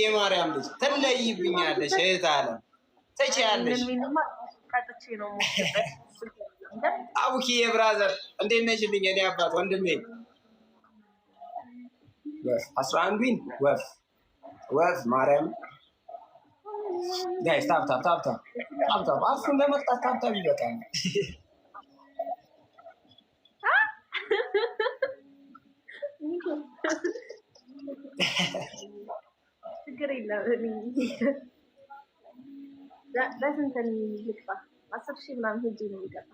የማርያም ልጅ ትለይብኛለሽ እህት አለም ትችያለሽ። አቡኪ የብራዘር እንዴት ነሽልኝ? እኔ አባት ወንድሜ አስራ አንዱን ወፍ ወፍ ማርያም ጋይስ ታብታብ ታብታብ ታብታብ አርሱን ለመቅጣት ታብታብ ይበጣል። በስንት ልግባ? አስር ሺህ ምናምን ሂጅ ነው የሚገባ።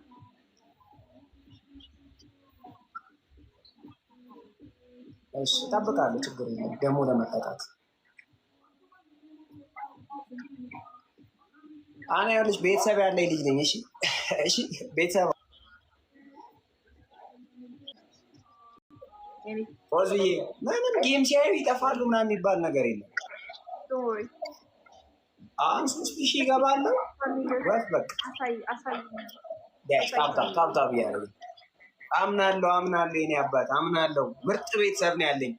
እሺ እጠብቃለሁ። ችግር የለም ደግሞ ለመጠጣት አና ያለች ቤተሰብ ያለ ልጅ ነኝ። እሺ እሺ ቤተሰብ ምንም ጌም ሲያዩ ይጠፋሉ ምናምን የሚባል ነገር የለም። አሁን ሶስት ሺ ይገባለሁ ወስ በቃ አምናለሁ፣ አምናለሁ የኔ አባት አምናለሁ። ምርጥ ቤተሰብ ነው ያለኝ።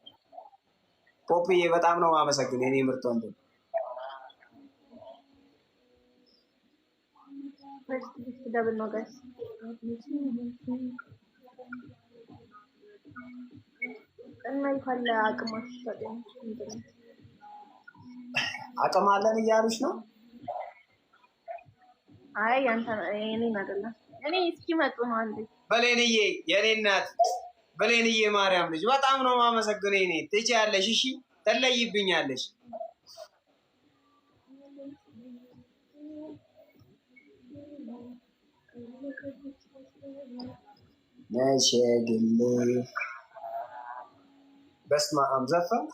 ፖፕዬ በጣም ነው ማመሰግን የኔ ምርጥ ወንድም። እና ይኳለ አቅማችሁ አቅም አለን እያሉች ነው። አይ ያንተ አይደለም። እኔ እስኪመጡ ነው። አንዴ በሌንዬ፣ የኔ እናት በሌንዬ፣ ማርያም ልጅ በጣም ነው ኔ ትች ያለሽ እሺ ትለይብኛለሽ። ነሸግል በስመ አብ ዘፈን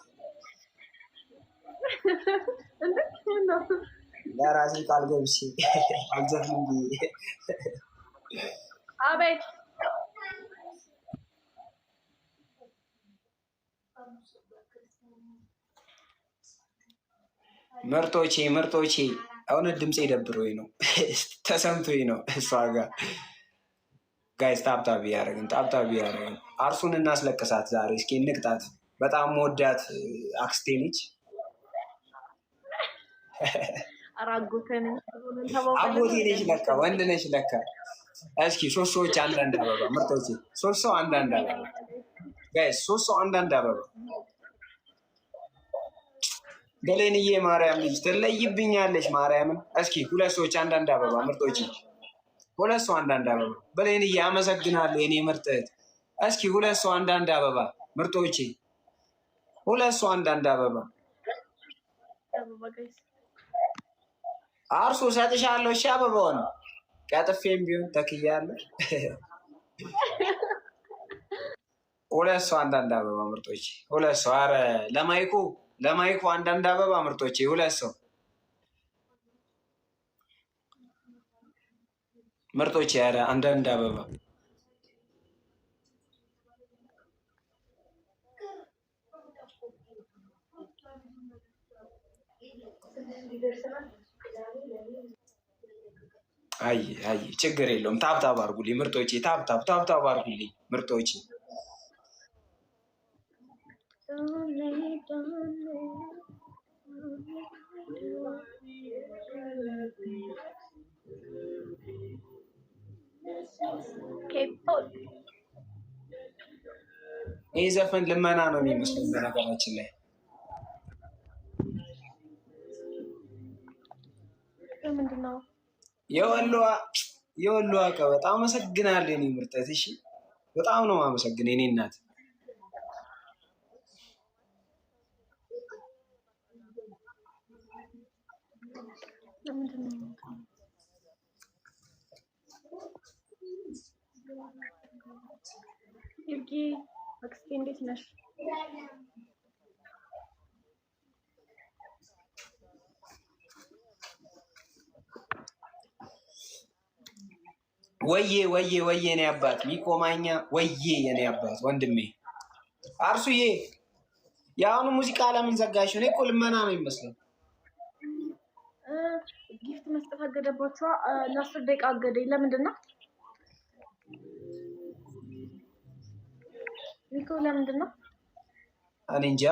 ለራሴ ቃል ገብቼ አልዘፍንም ብዬ አቤት ምርጦቼ ምርጦቼ እውነት ድምፄ ደብሮኝ ነው ተሰምቶኝ ነው። እሷ ጋ ጋይስ ታብታብ ያደረግን ታብታብ ያደረግን አርሱን እናስለቅሳት ዛሬ እስኪ ንቅጣት። በጣም መወዳት አክስቴ ነች። አጎቴ ነሽ ለካ፣ ወንድ ነሽ ለካ። እስኪ ሶስት ሰዎች አንዳንድ አበባ ምርቶች፣ ሶስት ሰው አንዳንድ አበባ ጋይስ፣ ሶስት ሰው አንዳንድ አበባ። በሌንዬ ማርያም ልጅ ትለይብኛለች። ማርያምን። እስኪ ሁለት ሰዎች አንዳንድ አበባ ምርጦች፣ ሁለት ሰው አንዳንድ አበባ። በሌንዬ አመሰግናለሁ የኔ ምርጥት። እስኪ ሁለት ሰው አንዳንድ አበባ ምርጦቼ፣ ሁለት ሰው አንዳንድ አበባ አርሱ ሰጥሻለሁ። እሺ ነው ቀጥፌም ቢሆን ተክያለሁ። ሁለት ሰው አንዳንድ አበባ ምርጦች፣ ሁለት ሰው አረ ለማይኩ ለማይኩ አንዳንድ አበባ ምርጦች፣ ሁለት ሰው ምርጦች፣ አረ አንዳንድ አበባ አይ አይ ችግር የለውም። ታብታብ አርጉልኝ ምርጦቼ፣ ታብታብ ታብታብ አርጉልኝ ምርጦቼ። ይህ ዘፈን ልመና ነው የሚመስለው በነገራችን ላይ ምንድን ነው? የወሎዋ የወሎዋ ቀ በጣም አመሰግናለሁ የኔ ምርጠት። እሺ በጣም ነው የማመሰግን የኔ እናት። ይርጌ አክስቴ እንዴት ነሽ? ወዬ ወዬ ወዬ የኔ አባት ሚቆማኛ ወዬ የኔ አባት ወንድሜ አርሱዬ የአሁኑ ሙዚቃ ለምን ዘጋሽ? እኔ እኮ ልመና ነው ይመስለው። ጊፍት መስጠት አገደባቸዋ። ለአስር ደቂቃ አገደኝ። ለምንድን ነው ሚኮ? ለምንድን ነው እኔ እንጃ።